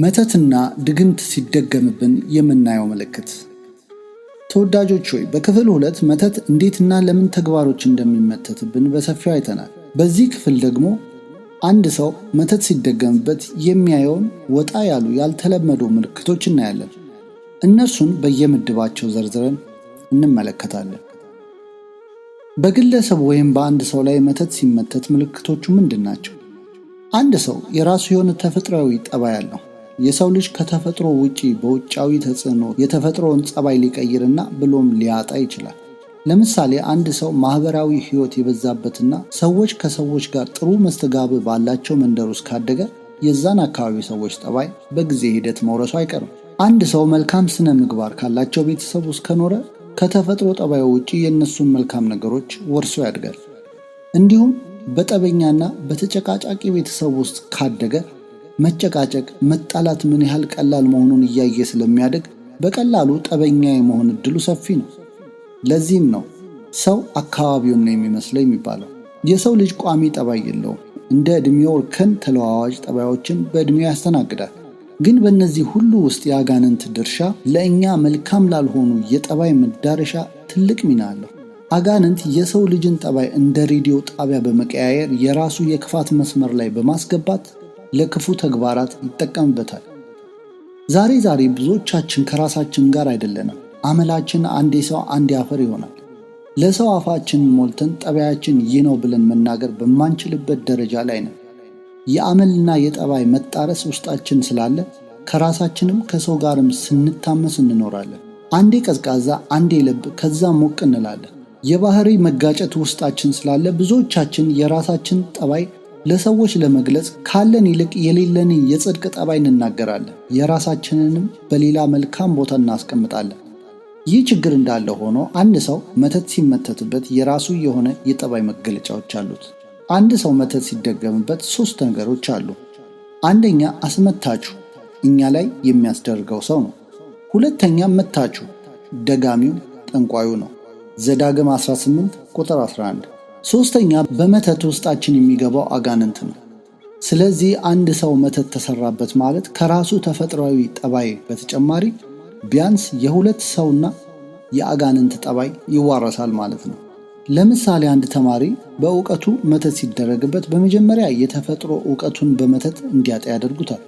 መተትና ድግምት ሲደገምብን የምናየው ምልክት። ተወዳጆች ሆይ በክፍል ሁለት መተት እንዴትና ለምን ተግባሮች እንደሚመተትብን በሰፊው አይተናል። በዚህ ክፍል ደግሞ አንድ ሰው መተት ሲደገምበት የሚያየውን ወጣ ያሉ ያልተለመዱ ምልክቶች እናያለን። እነርሱን በየምድባቸው ዘርዝረን እንመለከታለን። በግለሰብ ወይም በአንድ ሰው ላይ መተት ሲመተት ምልክቶቹ ምንድን ናቸው? አንድ ሰው የራሱ የሆነ ተፈጥሯዊ ጠባይ አለው። የሰው ልጅ ከተፈጥሮ ውጪ በውጫዊ ተጽዕኖ የተፈጥሮውን ጸባይ ሊቀይርና ብሎም ሊያጣ ይችላል። ለምሳሌ አንድ ሰው ማህበራዊ ህይወት የበዛበትና ሰዎች ከሰዎች ጋር ጥሩ መስተጋብ ባላቸው መንደር ውስጥ ካደገ የዛን አካባቢ ሰዎች ጠባይ በጊዜ ሂደት መውረሱ አይቀርም። አንድ ሰው መልካም ስነ ምግባር ካላቸው ቤተሰብ ውስጥ ከኖረ ከተፈጥሮ ጠባዩ ውጪ የእነሱን መልካም ነገሮች ወርሶ ያድጋል። እንዲሁም በጠበኛና በተጨቃጫቂ ቤተሰብ ውስጥ ካደገ መጨቃጨቅ፣ መጣላት ምን ያህል ቀላል መሆኑን እያየ ስለሚያደግ በቀላሉ ጠበኛ የመሆን እድሉ ሰፊ ነው። ለዚህም ነው ሰው አካባቢውን ነው የሚመስለው የሚባለው። የሰው ልጅ ቋሚ ጠባይ የለውም። እንደ ዕድሜው እርከን ተለዋዋጭ ጠባዮችን በዕድሜው ያስተናግዳል። ግን በእነዚህ ሁሉ ውስጥ የአጋንንት ድርሻ ለእኛ መልካም ላልሆኑ የጠባይ መዳረሻ ትልቅ ሚና አለው። አጋንንት የሰው ልጅን ጠባይ እንደ ሬዲዮ ጣቢያ በመቀያየር የራሱ የክፋት መስመር ላይ በማስገባት ለክፉ ተግባራት ይጠቀምበታል። ዛሬ ዛሬ ብዙዎቻችን ከራሳችን ጋር አይደለንም። አመላችን አንዴ ሰው አንዴ አፈር ይሆናል። ለሰው አፋችን ሞልተን ጠባያችን ይህ ነው ብለን መናገር በማንችልበት ደረጃ ላይ ነው። የአመልና የጠባይ መጣረስ ውስጣችን ስላለ ከራሳችንም ከሰው ጋርም ስንታመስ እንኖራለን። አንዴ ቀዝቃዛ፣ አንዴ ለብ፣ ከዛ ሞቅ እንላለን። የባህሪ መጋጨት ውስጣችን ስላለ ብዙዎቻችን የራሳችን ጠባይ ለሰዎች ለመግለጽ ካለን ይልቅ የሌለንን የጽድቅ ጠባይ እንናገራለን፣ የራሳችንንም በሌላ መልካም ቦታ እናስቀምጣለን። ይህ ችግር እንዳለ ሆኖ አንድ ሰው መተት ሲመተትበት የራሱ የሆነ የጠባይ መገለጫዎች አሉት። አንድ ሰው መተት ሲደገምበት ሶስት ነገሮች አሉ። አንደኛ አስመታችሁ እኛ ላይ የሚያስደርገው ሰው ነው። ሁለተኛ መታችሁ ደጋሚው ጠንቋዩ ነው። ዘዳግም 18 ቁጥር 11 ሶስተኛ በመተት ውስጣችን የሚገባው አጋንንት ነው። ስለዚህ አንድ ሰው መተት ተሰራበት ማለት ከራሱ ተፈጥሯዊ ጠባይ በተጨማሪ ቢያንስ የሁለት ሰውና የአጋንንት ጠባይ ይዋረሳል ማለት ነው። ለምሳሌ አንድ ተማሪ በእውቀቱ መተት ሲደረግበት በመጀመሪያ የተፈጥሮ እውቀቱን በመተት እንዲያጣ ያደርጉታል።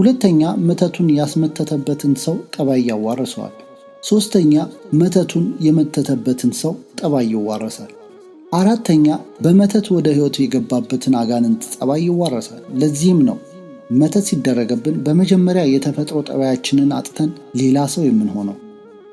ሁለተኛ መተቱን ያስመተተበትን ሰው ጠባይ ያዋረሰዋል። ሶስተኛ መተቱን የመተተበትን ሰው ጠባይ ይዋረሳል። አራተኛ በመተት ወደ ህይወቱ የገባበትን አጋንንት ጠባይ ይዋረሳል። ለዚህም ነው መተት ሲደረገብን በመጀመሪያ የተፈጥሮ ጠባያችንን አጥተን ሌላ ሰው የምንሆነው።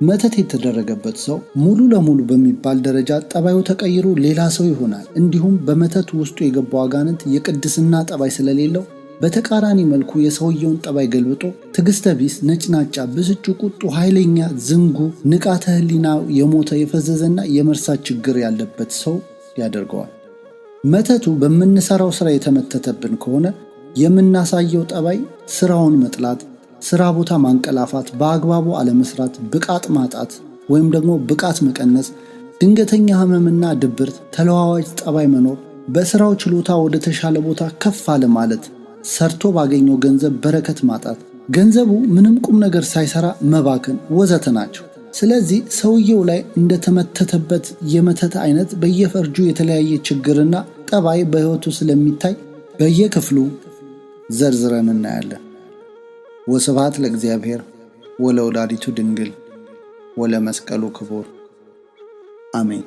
መተት የተደረገበት ሰው ሙሉ ለሙሉ በሚባል ደረጃ ጠባዩ ተቀይሮ ሌላ ሰው ይሆናል። እንዲሁም በመተት ውስጡ የገባው አጋንንት የቅድስና ጠባይ ስለሌለው በተቃራኒ መልኩ የሰውየውን ጠባይ ገልብጦ ትግስተ ቢስ፣ ነጭናጫ፣ ብስጩ፣ ቁጡ፣ ኃይለኛ፣ ዝንጉ፣ ንቃተ ህሊና የሞተ የፈዘዘና የመርሳት ችግር ያለበት ሰው ያደርገዋል። መተቱ በምንሰራው ስራ የተመተተብን ከሆነ የምናሳየው ጠባይ ስራውን መጥላት፣ ስራ ቦታ ማንቀላፋት፣ በአግባቡ አለመስራት፣ ብቃት ማጣት ወይም ደግሞ ብቃት መቀነስ፣ ድንገተኛ ህመምና ድብርት፣ ተለዋዋጭ ጠባይ መኖር፣ በስራው ችሎታ ወደ ተሻለ ቦታ ከፍ አለ ማለት፣ ሰርቶ ባገኘው ገንዘብ በረከት ማጣት፣ ገንዘቡ ምንም ቁም ነገር ሳይሰራ መባከን ወዘተ ናቸው። ስለዚህ ሰውየው ላይ እንደተመተተበት የመተት አይነት በየፈርጁ የተለያየ ችግርና ጠባይ በህይወቱ ስለሚታይ በየክፍሉ ዘርዝረን እናያለን። ወስብሐት ለእግዚአብሔር ወለወላዲቱ ድንግል ወለመስቀሉ ክቡር አሜን።